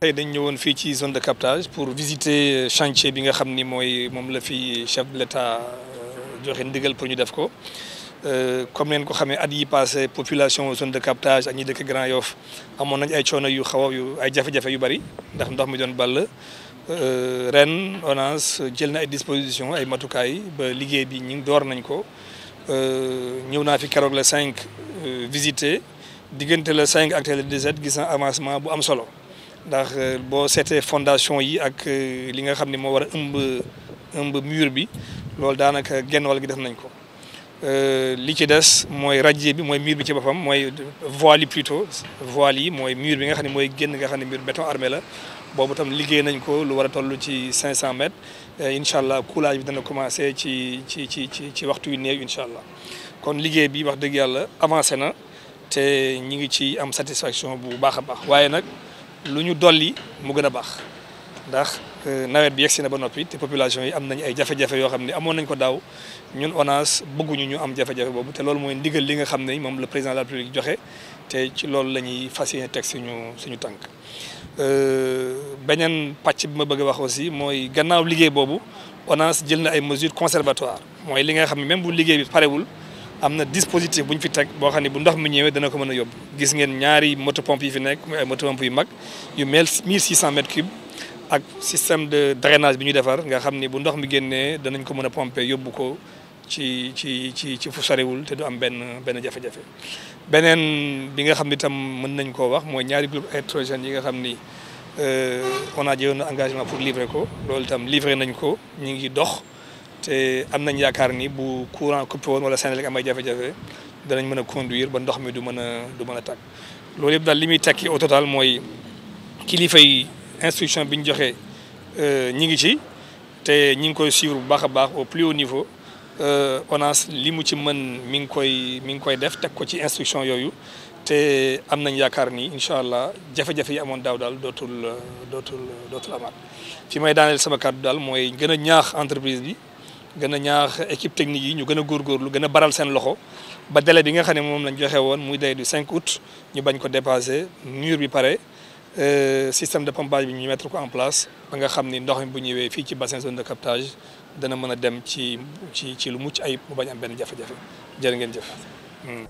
tey dañ ñëwoon fii ci zone de captage pour visiter chantier bi nga xam ni mooy moom la fi chef de euh, joxe ndigal pour ñu def ko euh, comme neen ko xamee at yi passé population zone de captage ak ñi dëkk Grand Yoff amoon nañ ay coono yu xaw a yu ay jafe-jafe yu bari ndax ndox mi doon ball euh, ren ONAS jël na ay disposition ay matukaay ba liggéey bi ñu door nañ ko Euh, ñëw naa fi keroog le 5 euh, visité diggante la cinq ak le 17 gis naa avancement bu am solo ndax euh, boo seetee fondation yi ak li nga xam ni moo war a ëmb ëmb mur bi loolu daanaka genn wàll gi def nañ ko li ci des mooy radier bi mooy mur bi ci boppam mooy voile yi plutôt yi mooy mur bi nga xam ne mooy génn nga xam ne mur béton armé la boobu tam liggéey nañ ko lu war a toll ci 500 mètres incha allah coulage bi dana commencé ci ci ci ci ci waxtu wi néew incha allah kon liggéey bi wax dëgg yàlla avancé na te ñi ngi ci am satisfaction bu baax a baax waaye nag lu ñu dolli mu gën a baax. ndax euh, nawet bi yegsi na ba noppi te population yi am nañ ay jafe-jafe xam ne amoon nañ ko daaw ñun ONAS bëgguñu ñu am jafe-jafe boobu te loolu mooy ndigal li nga xam ne moom le président de la République joxe te ci loolu la ñuy fas yéene teg suñu suñu tànk. Euh, beneen pàcc bi ma bëgg a wax aussi mooy gannaaw liggéey boobu ONAS jël na ay mesures conservatoires mooy li nga xam ne même bu liggéey bi parewul. am na dispositif bu ñu fi teg boo xam ne bu ndox mi ñëwee dana ko mën a yóbbu gis ngeen ñaar moto pompe fi nekk muy moto pompe yu mag yu mel 1600 mètres cubes ak système de drainage bi ñu defar nga xam ni bu ndox mi génnee danañ ko mën a pomper yóbbu ko ci ci ci ci fu te du am benn benn jafe-jafe. beneen bi nga xam ni tam mën nañ koo wax mooy ñaari groupe électrogène yi nga xam ni euh, on a jëloon engagement pour livrer ko loolu itam livrer nañ ko ñu ngi dox te am nañ yaakaar ni bu courant coupé woon wala Senelec am ay jafe-jafe danañ mën a conduire ba ndox mi du mën a du mën a tàkk loolu yëpp daal li muy tekki au total mooy kilifa yi instruction bi ñu joxe euh, ñi ngi ci te ñi ngi koy suivre bu baax a baax au plus haut niveau euh, ONAS li mu ci mën mi ngi koy mi ngi koy def teg ko ci instruction yooyu te am nañ yaakaar ni incha allah jafe-jafe yi amoon daaw daal dootul dootul dootul amaat fi may daaneel sama kàddu daal mooy gën a ñaax entreprise bi gën a ñaax équipe technique yi ñu gën a góorgóorlu gën a baral seen loxo ba délai bi nga xam ne moom lañ joxe woon muy day du 5 ñu bañ ko dépassé mur bi pare Euh, système de pompage bi ñu mettre ko en place ba nga xam ni ndox mi bu ñëwee fii ci bassin zone de captage dana mën a dem ci ci ci lu mucc ay mu bañ am benn jafe-jafe jërë ngeen jëf. Hmm.